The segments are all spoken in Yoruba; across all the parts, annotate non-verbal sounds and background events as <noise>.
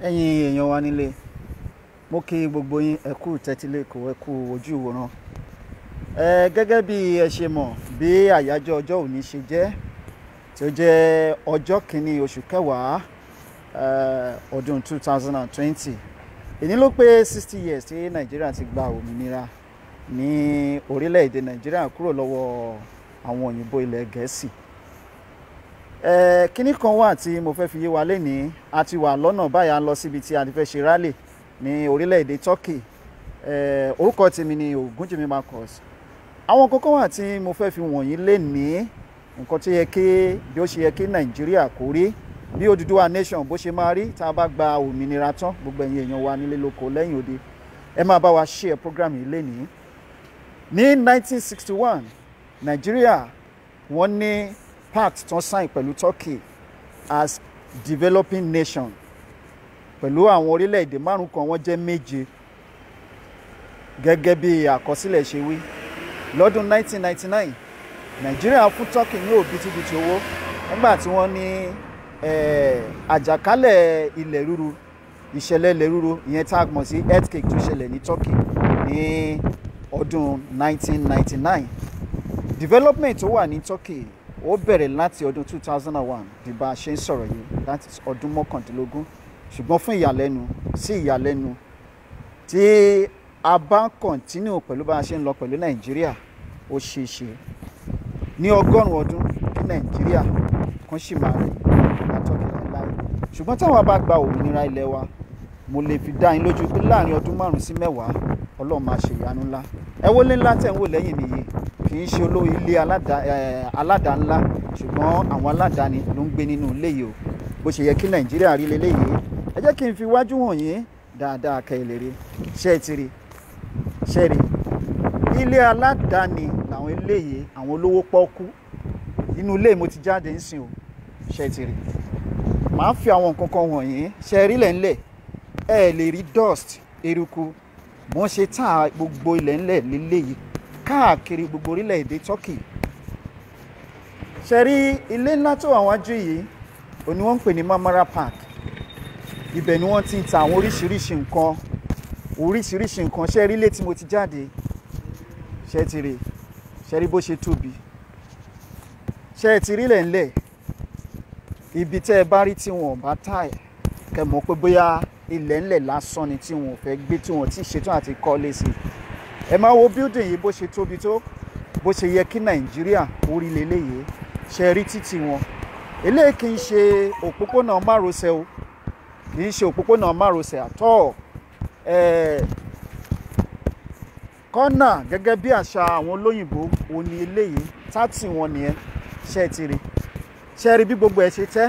ẹ̀yin èèyàn wa nílé mo kí gbogbo yín ẹ kú tẹ́tílé kò ẹ kú ojú ìwòran ẹ gẹ́gẹ́ bí ẹ ṣe mọ̀ bí àyájọ́ ọjọ́ òní ṣe jẹ́ tí ó jẹ́ ọjọ́ kìíní oṣù kẹwàá ọdún two thousand and twenty èyí ló pé sixty years tí nàìjíríà ti gba òmìnira ní orílẹ̀-èdè nàìjíríà kúrò lọ́wọ́ àwọn òyìnbó ilẹ̀ gẹ̀ẹ́sì ẹ kínní kan wà tí mo fẹ́ fi yé wa lénìí a ti wà lọ́nà báyà ń lọ síbi tí a ti fẹ́ ṣe rálì ní orílẹ̀-èdè Turkey orúkọ tèmi ni Ògúnjìmí Marcus àwọn kókó wà tí mo fẹ́ fi wọ̀nyí lénìí nǹkan tó yẹ kí bí ó ṣe yẹ kí Nàìjíríà kó rí bí Odùduwà nation bó ṣe máa rí tá a bá gba òmìnira tán gbogbo ẹ̀yin èèyàn wa nílé lóko lẹ́yìn òde ẹ máa bá wa share program yìí lénìí ní 1961 Nàìjíríà wọ́n ní pact tó sign pẹ̀lú Turkey as developing nation pẹ̀lú àwọn orílẹ̀-èdè márùn kan wọ́n jẹ́ méje gẹ́gẹ́ bí àkọsílẹ̀ ṣe wí lọ́dún 1999 Nàìjíríà fún Turkey ní òbítíbitì owó nígbà tí wọ́n ní àjàkálẹ̀ ilẹ̀ rúru ìṣẹ̀lẹ̀ ilẹ̀ rúru ìyẹn tá a mọ̀ sí earthquake tó ṣẹlẹ̀ ní Turkey ní ọdún 1999 development tó wà ní Turkey ó bẹ̀rẹ̀ láti ọdún two thousand and one di bá a ṣe ń sọ̀rọ̀ yìí láti ọdún mọ́kàndínlógún ṣùgbọ́n fún ìyàlẹ́nu sí ìyàlẹ́nu tí a bá ń kọ̀ntínú pẹ̀lú bá a ṣe ń lọ pẹ̀lú nàìjíríà ó ṣe é ṣe ní ọgọ́rùn-ún ọdún kí nàìjíríà kan ṣì máa rìn látọ̀kẹ́ láéláé ṣùgbọ́n táwọn bá gba òmìnira ilẹ̀ wa mo lè fi dá yín lójú pé láàrin ọdún márùn-ún sí mẹ́wàá ọlọ́run máa ṣèyanu ńlá ẹ wọlé ńlá tẹ̀ ń wò lẹ́yìn mi yìí kì í ṣe olówó ilé aládàá ńlá ṣùgbọ́n àwọn aládàáni ló ń gbé nínú ilé yìí o bó ṣe yẹ kí nàìjíríà rí leléyìí ẹ jẹ́ kí n fi wájú hàn yín dáadáa kẹ́ ẹ lè rí ṣé ẹ ti rí ṣé ẹ rí ilé aládàáni làwọn eléyìí àwọn olówó pọ́ọ́kú inú ilé mo ti jáde ń sìn o ṣé ẹ ti rí màá fi àwọn nǹkan kan wọ̀nyí ṣé ẹ rí lẹ́ńlẹ̀ ẹ lè rí dust eruku mo ṣe tá gbogbo ilẹ̀ ńlẹ̀ leléyìí káàkiri gbogbo orílẹ̀-èdè Turkey ṣe rí ilé ńlá tó wà wájú yìí òun ni wọ́n ń pè ní Marmara Park ibẹ̀ ni wọ́n ti ń ta àwọn oríṣiríṣi nǹkan oríṣiríṣi nǹkan ṣe rí ilé tí mo ti jáde ṣe ti rí ṣe rí bó ṣe tóbi ṣe ti rí lẹ́ńlẹ̀ ibi tẹ́ ẹ bá rí tí wọn ò bá tà ẹ̀ kẹ́ mọ̀ pé bóyá ilẹ̀ ńlẹ̀ lásán ni tí wọn fẹ́ gbé tí wọn ò tí ì ṣetán àti kọ́lé sí i ẹ máa wo building yìí bó ṣe tóbi tó bó ṣe yẹ kí nàìjíríà orí leléyìí ṣe rí títì wọn eléyìí kì í ṣe òpópónà márosẹ̀ o kì í ṣe òpópónà márosẹ̀ àtọ kọ́nà gẹ́gẹ́ bí àṣà àwọn olóyìnbó òní eléyìí tátì wọn nìyẹn ṣe ti rí ṣe rí bí gbogbo ẹ ṣe tẹ́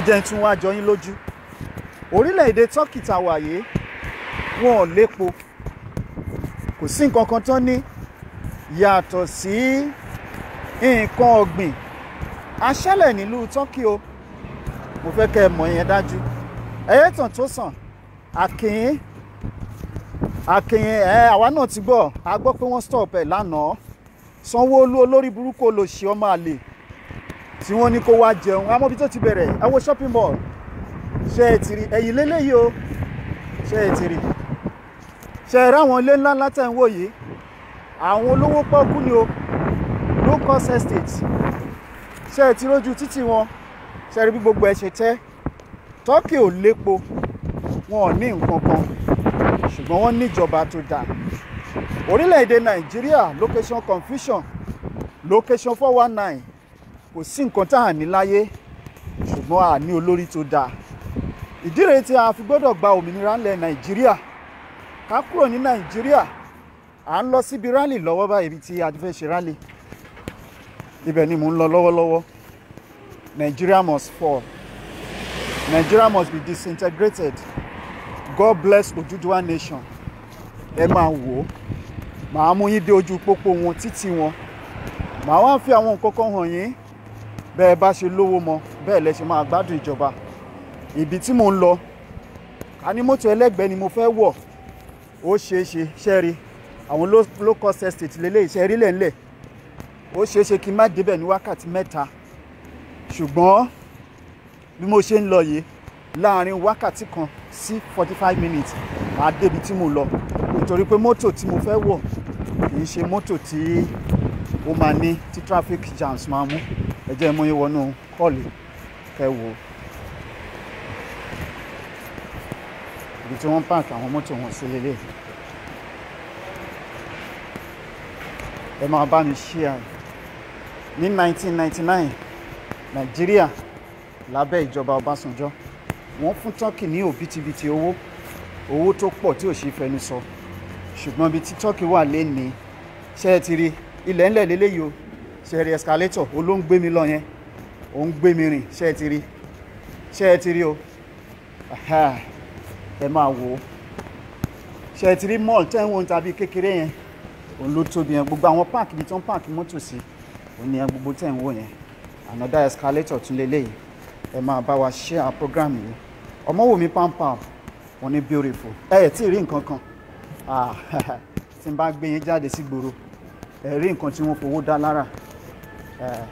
ẹ jẹ́ n tún wá jọ lójú orílẹ̀-èdè turkey tá yìí wọn ò lépo kò sí nǹkan kan tán ní yàtọ̀ sí nǹkan ọ̀gbìn aṣálẹ̀ nílùú Tọ́kì o mo fẹ́ kẹ́ ẹ mọ̀ yẹn dájú ẹyẹ tàn tó sàn àkìyìn àkìyìn ẹ àwa náà ti gbọ́ a gbọ́ pé wọ́n stop ẹ̀ lánàá sanwó olórí burúkú olòṣì ọmọ àlè tí wọ́n ní kó wá jẹun amóbi tó ti bẹ̀rẹ̀ ẹ wo shopping mall ṣe é ti rí ẹ̀yìn lélẹ́yìí o ṣe é ti ṣe ẹ̀rọ àwọn ilé ńlá ńlá tẹ̀ ń wò yìí àwọn olówó pọ́kú ni o low cost estate ṣe ẹ̀ ti rójú títì wọn ṣe rí bí gbogbo ẹ̀ ṣe tẹ́ tọ́kì ò lépo wọn ò ní nǹkan kan ṣùgbọ́n wọ́n níjọba tó dáa orílẹ̀-èdè nàìjíríà location confusion location four one nine kò sí nǹkan tá à ní láyé ṣùgbọ́n a ní olórí tó dáa ìdí rèé tí a fi gbọ́dọ̀ gba òmìnira ńlẹ̀ nàìjíríà ká kúrò ní nàìjíríà à ń lọ síbi rálì lọ́wọ́ báyìí tí a fẹ́ ṣe rálì ibẹ̀ ni mò ń lọ lọ́wọ́lọ́wọ́ Nigeria must fall Nigeria must be disintegrated God bless Oduduwa nation ẹ máa wò ó màá mú yín dé ojú pópó wọn títí wọn màá wá fi àwọn nǹkan kan hàn yín bẹ́ẹ̀ bá ṣe lówó mọ bẹ́ẹ̀ lẹ ṣe máa gbádùn ìjọba ibi tí mò ń lọ ká ní mọ́tò ẹlẹ́gbẹ̀ẹ́ ni mo fẹ́ wọ̀ ó ṣeé ṣe ṣẹ́ẹ̀rí àwọn low cost estate lélẹ̀ ìṣẹ́rí lẹ́ńlẹ̀ ó ṣeé ṣe kí n má débẹ̀ ní wákàtí mẹ́ta ṣùgbọ́n bí mo ṣe ń lọ yìí láàárín wákàtí kan sí forty five minutes màá débi tí mo lọ nítorí pé mọ́tò tí mo fẹ́ wọ̀ kì í ṣe mọ́tò tí ó máa ní tí traffic jams máa mú ẹ jẹ́ mọ́ yín wọnú kọ́ọ̀lì kẹ́ tí wọ́n pààkì àwọn mọ́tò wọn sí lélẹ̀ ẹ máa bá mi ṣí à ní 1999 nàìjíríà lábẹ́ ìjọba ọbásanjọ́ wọ́n fún turkey ní òbítíbitì owó owó tó pọ̀ tí ò ṣe fẹnu sọ ṣùgbọ́n ibi tí turkey wà lẹ́ni ṣe é ti rí ilẹ̀ ńlẹ̀ lélẹ́yìí o ṣe é rí escalator ó ló ń gbé mi lọ yẹn ó ń gbé mi rìn ṣe é ti rí ṣe é ti rí o. Aha ẹ máa wò ó ṣe ti rí mall tẹ́ ń wo tàbí kékeré yẹn òun ló tóbi yẹn gbogbo àwọn páàkì ibi tí wọ́n páàkì mọ́tò sí òun yẹn gbogbo tẹ́ ń wò yẹn another escalator tún lélẹ́yìí ẹ máa bá wa ṣe our program yìí ọmọwòmí pampam wọn ní beautiful ẹ ẹ tí ì rí nǹkan kan ah, <laughs> tí n bá gbé yín jáde sí gbòòrò ẹ rí nǹkan tí wọ́n fowó dá lára eh,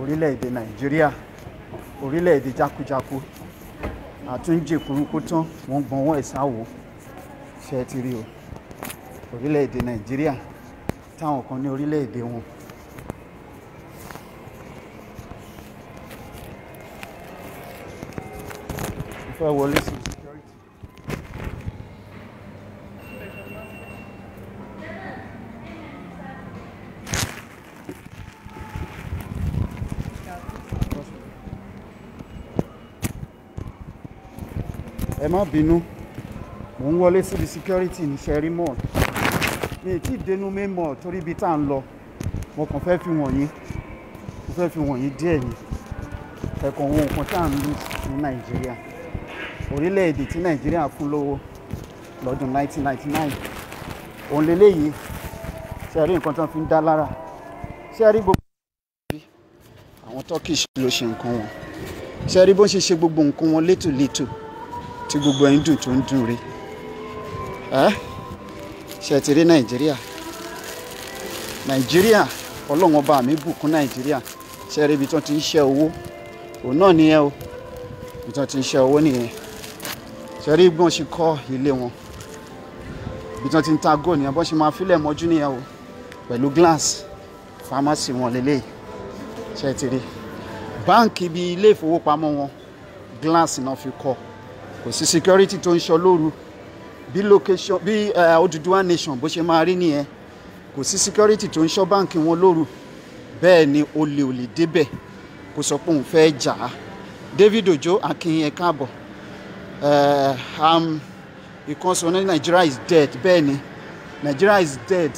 orílẹ̀-èdè nàìjíríà orílẹ̀-èdè jákujáku àtúnjẹ kúrúkú tán wọ́n gbọ́nwọ́ ìsáwò ṣe ti rí o orílẹ̀-èdè nàìjíríà táwọn kan ní orílẹ̀-èdè wọn. ìfẹ́ wọlé sí i. ẹ má bínú mò ń wọlé síbi security ní sherry mall mi kì í dénú main mall torí ibi tá à ń lọ mo kàn fẹ́ fi wọ̀nyí mo fẹ́ fi wọ̀nyí díẹ̀ yìí ẹ̀kọ́ ohun nǹkan tá à ń lù ní nàìjíríà orílẹ̀-èdè tí nàìjíríà fún lówó lọ́dún 1999 òun lélẹ́yìí ṣe rí nǹkan tó fi ń dá lára ṣe gbogbo àwọn turkish ló ṣe nǹkan wọn ṣe bó ń ṣe ṣe gbogbo nǹkan wọn létòlétò tí gbogbo ẹ̀ ń dùn tó ń dùn rí ṣe ti rí nàìjíríà nàìjíríà ọlọ́run ọba mi bùkún nàìjíríà ṣe rí ibi tí wọ́n ti ń ṣe owó òun náà nìyẹn o ibi tí wọ́n ti ń ṣe owó nìyẹn ṣe rí bí wọ́n ṣe kọ́ ilé wọn ibi tí wọ́n ti ń ta góò nìyẹn bọ́n ṣe máa fílẹ̀ mọ́jú nìyẹn o pẹ̀lú glass pharmacy wọn lélẹ́yìí ṣe ti rí báǹkì bíi ilé ìfowópamọ́ wọn glass náà fi kọ́ ọ kò sí security tó ń sọ lóru bí location bí uh, Odùduwà nation bó ṣe máa rí nìyẹn kò sí security tó ń sọ báǹkì wọn lóru bẹ́ẹ̀ ni olè olè débẹ̀ kò sọ pé òun fẹ́ẹ́ jà á David Ojo Akin ẹ káàbọ̀ uh, eh, um, ìkànsọ ní Nigeria is dead bẹ́ẹ̀ ni Nigeria is dead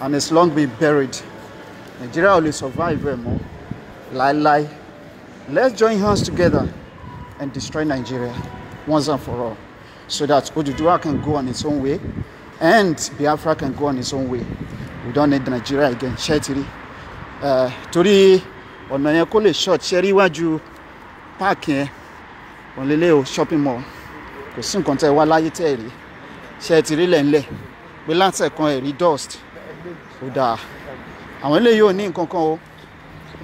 and it's long been buried Nigeria ò lè survive ẹ̀ mọ́ láéláé let's join hands together and destroy Nigeria once and for all so that Oduduwa can go on its own way and Biafra can go on its own way we don't need Nigeria again ṣe ti on torí ọ̀nà yẹn kó lè short ṣe rí iwájú páàkì yẹn òǹlẹ́lẹ́ o shopping mall kò sí nǹkan tẹ́ wá láyé tẹ́ rí ṣe ti rí lẹ́ńlẹ̀ pé látẹ̀kan ẹ̀rí dust ó dáa àwọn eléyìí ò ní nǹkan kan o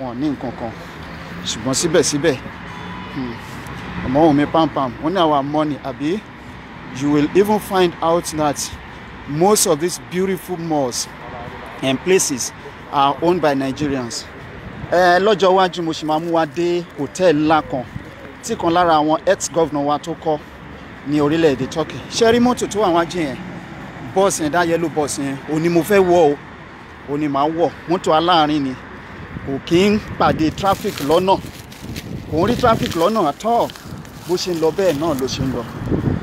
wọn ò ní nǹkan kan ṣùgbọ́n síbẹ̀síbẹ̀. Hmm. On our money Abi, you will even find out that most of these beautiful malls and places are owned by Nigerians. ẹ lọ́jọ́ iwájú mo sì máa mú wa dé hòtẹ́ẹ̀lì ńlá kan tí kan lára àwọn ex-governor wa tó kọ́ ní orílẹ̀-èdè Turkey ṣe rí mọ́tò tó wà wájú yẹn bọ́ọ̀sì yẹn dá yẹ́lò bọ́ọ̀sì yẹn òní mo fẹ́ wọ̀ o òní màá wọ̀ mọ́tò aláàárín ni kò kí ń pàdé traffic lọ́nà kò ń rí traffic lọ́nà at bó ṣe ń lọ bẹ́ẹ̀ náà ló ṣe ń lọ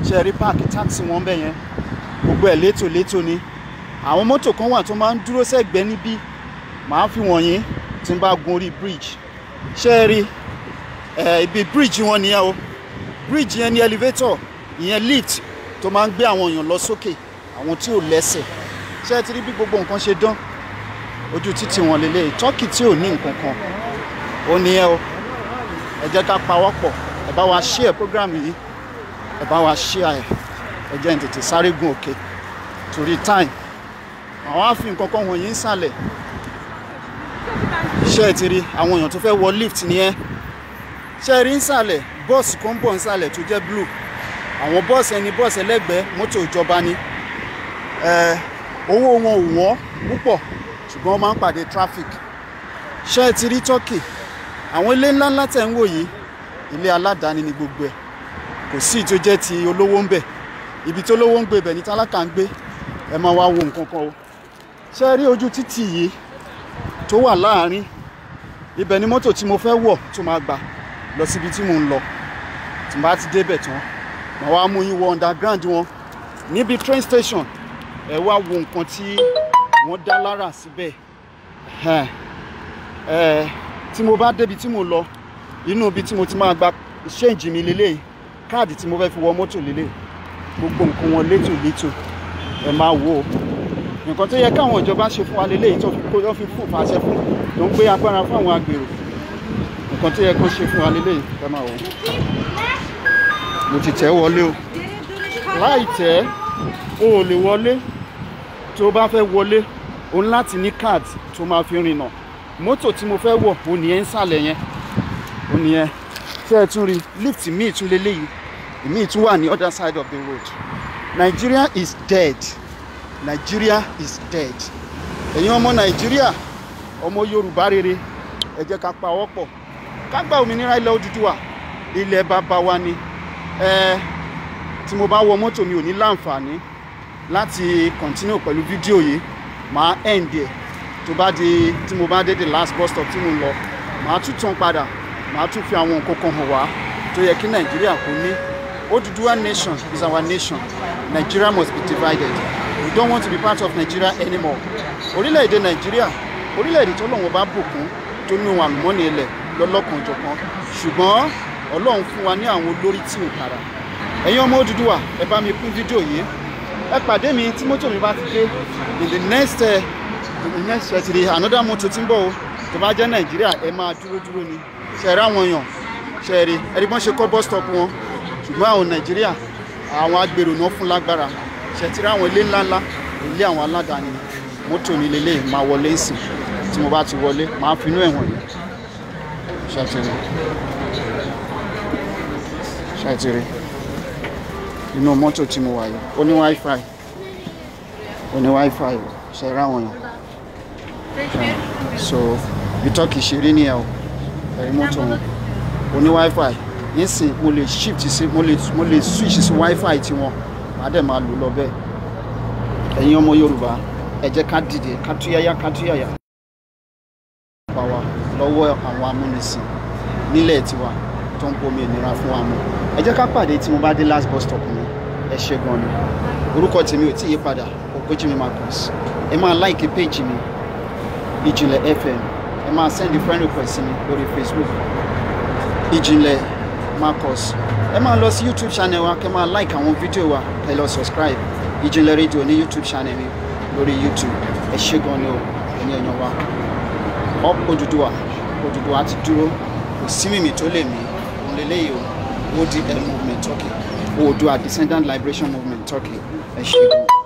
ṣe rí páàkì táàkì wọn bẹ́ẹ̀ yẹn gbogbo ẹ̀ létò létò ni àwọn mọ́tò kan wà tó máa ń dúró sẹ́gbẹ̀ẹ́ níbí màá fi wọ̀nyí tí n bá gun orí bridge ṣe rí ibi bridge wọn nìyẹn o bridge yẹn ní elevator ìyẹn lift tó máa ń gbé àwọn èèyàn lọ sókè àwọn tí ò lẹ́sẹ̀ ṣe ti rí bí gbogbo nǹkan ṣe dán ojú títì wọn lélẹ̀ tọ́kì tí ò ní nǹkan kan ó nìyẹn o ẹ jẹ́ ká pawọ́ pọ̀ ẹ bá wa share program yìí ẹ bá wa share ẹ ẹ jẹ́ n tètè sáré gun òkè torí time àwọn á fi nǹkan kan wọ̀nyí ń sàlẹ̀ ṣe ti rí àwọn èèyàn tó fẹ́ wọ lift nìyẹn ṣe rí ń sàlẹ̀ bọ́ọ̀sì kan ń bọ̀ ń sàlẹ̀ tó jẹ́ blue àwọn bọ́ọ̀sì ẹni bọ́ọ̀sì ẹlẹ́gbẹ̀ẹ́ mọ́tò ìjọba ni owó wọn ò wọ́n púpọ̀ ṣùgbọ́n wọ́n máa ń pàdé traffic ṣe ti rí turkey àwọn ilé ńláńlá tẹ̀ ń wò yìí ilé aládàáni ni gbogbo ẹ̀ kò sí tó jẹ́ ti olówó ń bẹ ibi tó lówó ń gbé ibẹ̀ ní tálákà ń gbé ẹ máa wá wo nǹkan kan o ṣe rí ojú títì yìí tó wà láàárín ibẹ̀ ni mọ́tò tí mo fẹ́ wọ̀ tó máa gbà lọ síbi tí mò ń lọ tí mo bá ti débẹ̀ tán màá wá mú yín wọ underground wọn níbi train station ẹ wá wo nǹkan tí wọ́n dá lára síbẹ̀ tí mo bá débi tí mo lọ inú ibi tí mo ti máa gba ṣéǹjì mi lélẹ̀ káàdì tí mo fẹ́ fi wọ mọ́tò lélẹ̀ gbogbo nǹkan wọn létò létò ẹ máa wò ó nǹkan tó yẹ káwọn ìjọba ṣe fún wa lélẹ̀ tó fi kó tó fi fún fàṣẹ fún tó ń gbé agbára fún àwọn agbèrò nǹkan tó yẹ kó ṣe fún wa lélẹ̀ ẹ máa wò ó mo ti tẹ̀ wọlé o láì tẹ̀ o ò lè wọlé tó bá fẹ́ wọlé o ní láti ní káàdì tó máa fi rìnnà mọ́tò tí mo fẹ́ wọ̀ ò ní ẹ́ ń sàlẹ̀ yẹn ó nìyẹn ṣé ẹ tún rí lift míì tún lélẹ́yìí míì tún wà ní other side of the road Nigeria is dead Nigeria is dead ẹ̀yin ọmọ Nàìjíríà ọmọ Yorùbá rere ẹ jẹ́ ká pawọ́ pọ̀ ká gba òmìnira ilẹ̀ Odùduwà ilẹ̀ bàbá wa ni ẹ tí mo bá wọ mọ́tò mi ò ní láǹfààní láti continue pẹ̀lú fídíò yìí màá end ẹ̀ tó bá di tí mo bá dé the last bus stop tí mo lọ màá tún tàn padà màá tún fi àwọn nǹkan kan hàn wá tó yẹ kí nàìjíríà kò ní Oduduwa nation is our nation Nigeria must be divided we don't want to be part of Nigeria anymore orílẹ̀-èdè nàìjíríà orílẹ̀-èdè tó lọ́wọ́ bá bùkún tó ní ohun àlùmọ́nì ilẹ̀ lọ́lọ́kanjọ̀kan ṣùgbọ́n ọlọ́run fún wa ní àwọn olórí tí ò kára ẹ̀yin ọmọ Odùduwà ẹ bá mi pín fídíò yìí ẹ pàdé mi tí mọ́tò mi bá ti dé in the next uh, in the next uh, another motor tí ń bọ̀ o tó bá jẹ́ nàìjíríà ẹ máa dúró dúró ni ṣẹ̀rí àwọn èèyàn ṣẹ̀rí ẹ̀rí bọ́n ṣe kọ́ bus stop wọn ṣùgbọ́n àwọn nàìjíríà àwọn agbèrò náà fún lágbára ṣẹ̀tìrì àwọn ilé ńláńlá ilé àwọn aládàáni mọ́tò ní lélẹ̀ máa wọlé ńsìn tí mo bá ti wọlé máa finú ẹ̀wọ̀n yìí ṣẹ̀tìrì ṣẹ̀tìrì inú mọ́tò tí mo wà yìí ó ní wifi ó ní wifi ṣẹ̀rí àwọn èèyàn so bí tọ́kì ṣe rí o. Oni mọ́tò wọn oní wifi nísìn mo lè shift sí mo lè mo lè switch sí wifi tiwọn màá dẹ̀ máa lò lọ bẹ́ẹ̀ ẹ̀yin ọmọ Yorùbá ẹ jẹ́ ká dìde ká túyáyá ká túyáyá pa wa lọ́wọ́ àwọn amúnisìn nílẹ̀ tiwa tó ń bomi ìnira fún wa mu ẹ jẹ́ ká pàdé tí mo bá dé last bus stop mi ẹ ṣe gan ni orúkọ tèmi ò tí ì yí padà Ògúnjìmí Marcus ẹ máa láìkí péjì mi Ijile FM máa send friend request mi lórí facebook ìjìnlẹ̀ marcus ẹ máa lọ sí youtube channel wa kẹ máa like àwọn fídíò wa kẹ lọ subscribe ìjìnlẹ̀ rédíò ní youtube channel mi lórí youtube ẹ ṣé gan ni o ẹ̀yin èèyàn wa up Odùduwà Odùduwà ti dúró kò sí mímì tó lè mí òun lélẹ́yìí o odl movement turkey Oòduà descendant liberation movement turkey ẹ ṣé gan.